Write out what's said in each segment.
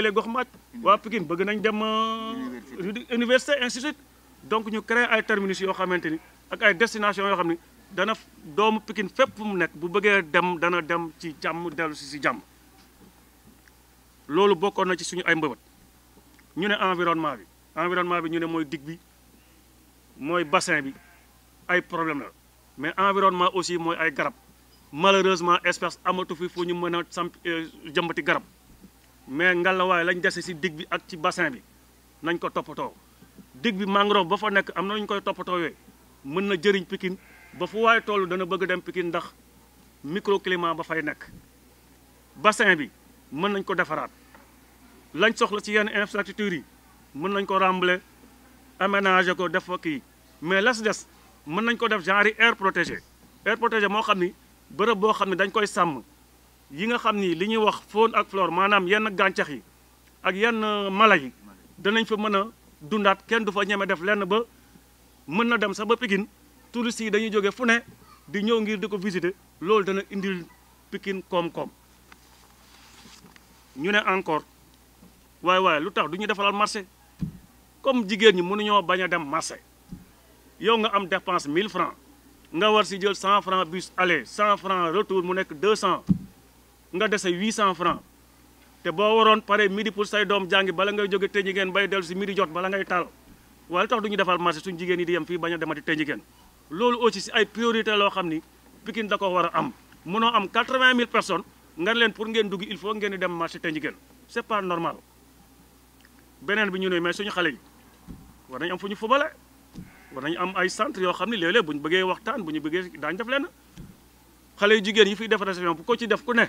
Lele léeg gox wa waa Pikine bëgg nañ dem euh, université institut donc ñu créer ay terminus yo xamanteni ak ay destination yo xamni dana doomu Pikine fep fu mu nek bu bëggee dem dana dem ci jàmm delu ci Lolo lolu bokko na ci suñu ay mbëbët ñu né environnement bi environnement bi ñu né moy dig bi moy bassin bi ay problème la mais environnement aussi moy ay garab malheureusement espèce amatu fi fu ñu mëna samp euh, jëmbati garab mais ngalawaay lañ dese si digg bi ak ci bassin bi nañ ko toppatoo digg bi mangrove ba fa nekk am na ñu koy toppatoo yooyu mën na jëriñ Pikine ba fu waaye toll dana bëgg dem Pikine ndax micro climat ba fay nekk bassin bi mën nañ ko defaraat lañ soxla ci yenn infrastructure yi mën nañ ko rembler aménager ko def fa kii mais las des mën nañ ko def genre air protégé air protégé moo xam ni bërëb boo xam ne dañ koy sàmm yi nga xamni li ñuy wax faune ak flore manam yenn gantax yi ak yenn mala yi danañ fa mëna dundat kenn du fa ñeme def lenn ba mëna dem sa ba Pikine touristes yi dañuy joggé fu ne di ñëw ngir diko ko visiter loolu dana indil Pikine kom kom ñu né encore way way lutax duñu defalal marché comme jigéen ñi mënu ñoo baña dem marché yow nga am dépense 1000 francs nga war ci jël 100 francs bus aller 100 francs retour mu nek 200 nga dese 800 francs té bo waron paré midi pour say dom jangi bala ngay joggé téñi gène bay dellu ci midi jot bala ngay tal wala tax duñu défal marché suñu jigéen yi di yam fi baña a demati tëj ngeen loolu aussi ci ay priorité lo xamni Pikine da ko wara am mëno am 80000 personnes ngar leen pour ngeen dugg il faut ngeen dem marché téñi gène c'est pas normal benen bi ñu ne mais suñu xalé yi war nañ am fuñu fubalé war nañ am ay centre yo xamni lélé buñu bëggé waxtaan buñu bëggé dañ def lén xalé yu jigéen yi fi def réception ko ci def ku ne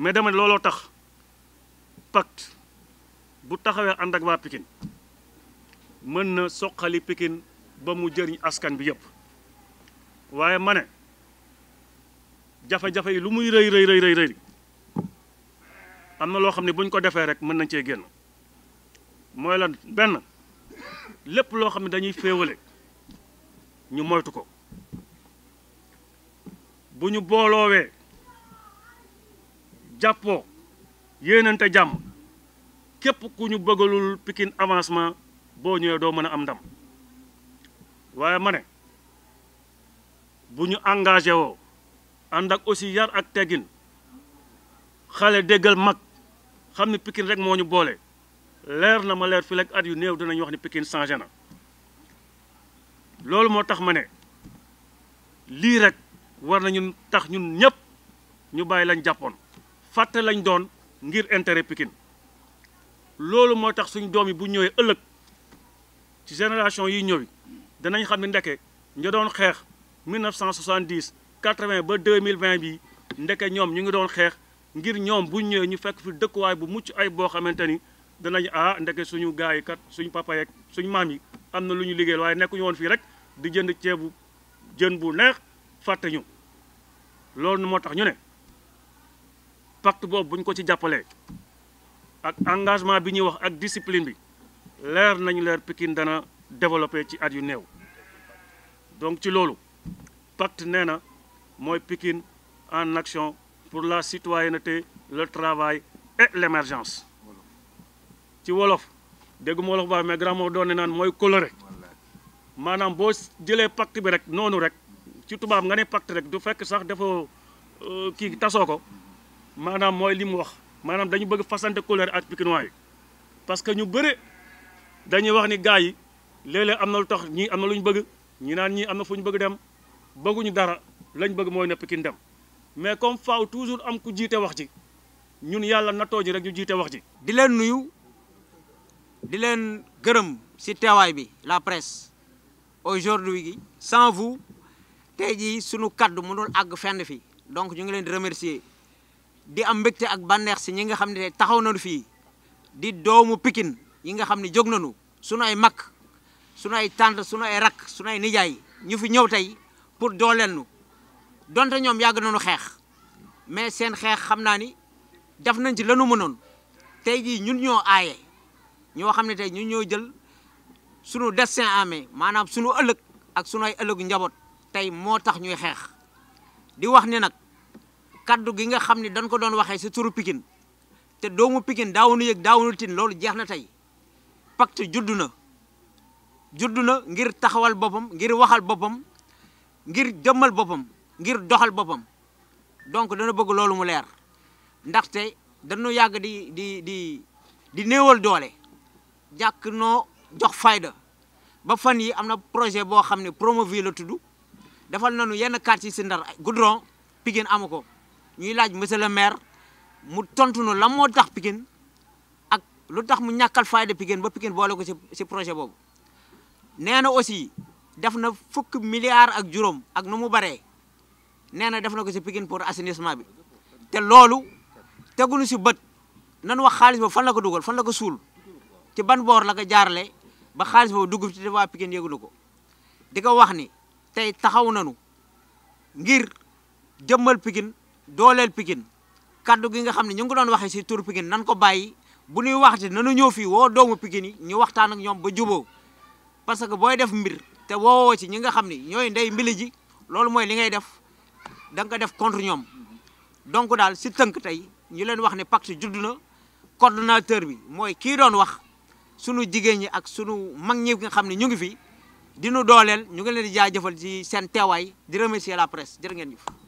mais dama ne looloo tax pacte bu taxawee ànd ak waa Pikine mën na soqali Pikine ba mu jëriñ askan bi yëpp waaye ma ne jafe-jafe yi lu muy rëy rëy rëy rëy am na loo xam ne bu ñu ko defee rek mën nañ cee génn mooy la benn lépp loo xam ne dañuy féewale ñu moytu ko bu ñu booloowee jappo yéenante jam kep ku ñu bëggalul Pikine avancement bo ñëw do mëna am ndam waye mané ne bu ñu engagé wo mak, ak aussi yar ak xalé déggal mak xamni Pikine rek moñu bolé lèr na ma lèr fi lek at yu neew dinañ wax ni Pikine changé na lool motax mané li rek war nañu tax ñun ñëpp ñu lañ jappone fàtte lañ doon ngir intérêt Pikine loolu moo tax suñ doom yi bu ñëwee ëllëg ci génération yi ñëwi danañ xam ne ndeke ñu doon xeex 1970 80 ba 2020 bi ndeke ñoom ñu ngi doon xeex ngir ñoom bu ñëwee ñu fekk fi dëkkuwaay bu mucc ay boo xamante ni danañ ah ndeke suñu gars yi kat suñu papa yeeg suñu maam yi am na lu ñu liggéey waaye nekkuñu woon fii rek di jënd ceebu jën bu neex fàtte ñu loolu moo tax ñu ne pacte boobu buñ ko ci jappalé ak engagement bi wax ak discipline bi leer nañ leer Pikine dana développer ci at yu néew donc ci lolu pacte nena, moy Pikine en action pour la citoyenneté le travail et l'émergence ci wolof mo wolof baax mais grand moo doon nan moy mooy coloré maanaam boo pacte bi rek nonu rek ci tubaab nga né pacte rek du fekk sax dafa euh, ki tassoko manam moy lim wax manam dañu bëgg fasante couleur ak pikinois yi parce que ñu bëre dañu wax ni gaay lélé amna na lu tax ñi amna luñu nyu bëgg ñi naan ñi am fuñu bëgg dem bëgguñu dara lañ bëgg moy ne Pikine dem mais comme faaw toujours am ku jité wax ji ñun yalla nattoo ji rek ñu jité wax ji. di leen nuyu di gërëm ci téway bi la presse aujourd'hui sans vous tay ji sunu kaddu mënul ag fenn fi donc ñu ngi leen di remercier. di am mbégte ak baneex si ñi nga xam ne taxaw nañu fii di doomu Pikine yi nga xam ne jóg nañu sunu ay mag sunu ay tante sunu ay rakk sunu ay nijaay ñu fi ñëw tey pour dooleel nu donte ñoom yàgg nañu xeex mais seen xeex xam naa ni def nañ ci lanu mënoon tey jii ñun ñoo aaye ñoo xam ne tey ñun ñoo jël sunu destin en maanaam sunu ëllëg ak sunu ay ëllëgu njaboot tey moo tax ñuy xeex di wax ni nag. kaddu gi nga xamni dañ ko doon waxe ci turu pikin te doomu pikin dawnu yek dawnu tin lolou jeexna tay tey pacte no, na ngir taxawal bopam ngir waxal bopam ngir jëmmal bopam ngir doxal bopam donc dañu bëgg lolou mu leer te dañu yag di di di di neewal doole jak no jox fayda ba fan yi amna projet bo xamni ne promovie la tudd defal nañu yenn quartier ci ndar goudron pigen amako ñuy laaj monsieur le maire mu tontu nu lan moo tax Pikine ak lu tax mu ñàkkal fayda Pikine ba Pikine boole ko si si projet boobu nee na aussi def na fukk milliards ak juróom ak nu mu baree nee na def na ko si Pikine pour assainissement bi te loolu tegunu si bët nanu wax xaalis boobu fan la ko dugal fan la ko suul ci ban boor la ko jaarale ba xaalis boobu dugg ci waa Pikine yëgunu ko di ko wax ni tey taxaw nanu ngir jëmmal Pikine dolel pikin kaddu gi nga xamni ñu ngi doon waxe ci tur pikin nan ko bayyi bu ñuy ci nanu ñëw fi wo doomu pikin yi ñu waxtaan ak ñom ba jubo parce que boy def mbir te wo ci ñi nga xamni ñoy ndey mbili ji moy li ngay def da nga def contre ñom donc dal ci teunk tay ñu leen wax ne pacte judd coordinateur bi moy ki doon wax sunu jigeen ñi ak sunu mag ñi nga xamni ñu ngi fi di nu dooleel ñu ngi leen di jaajeufal ci sen teway di remercier la presse jërë ngeen ñu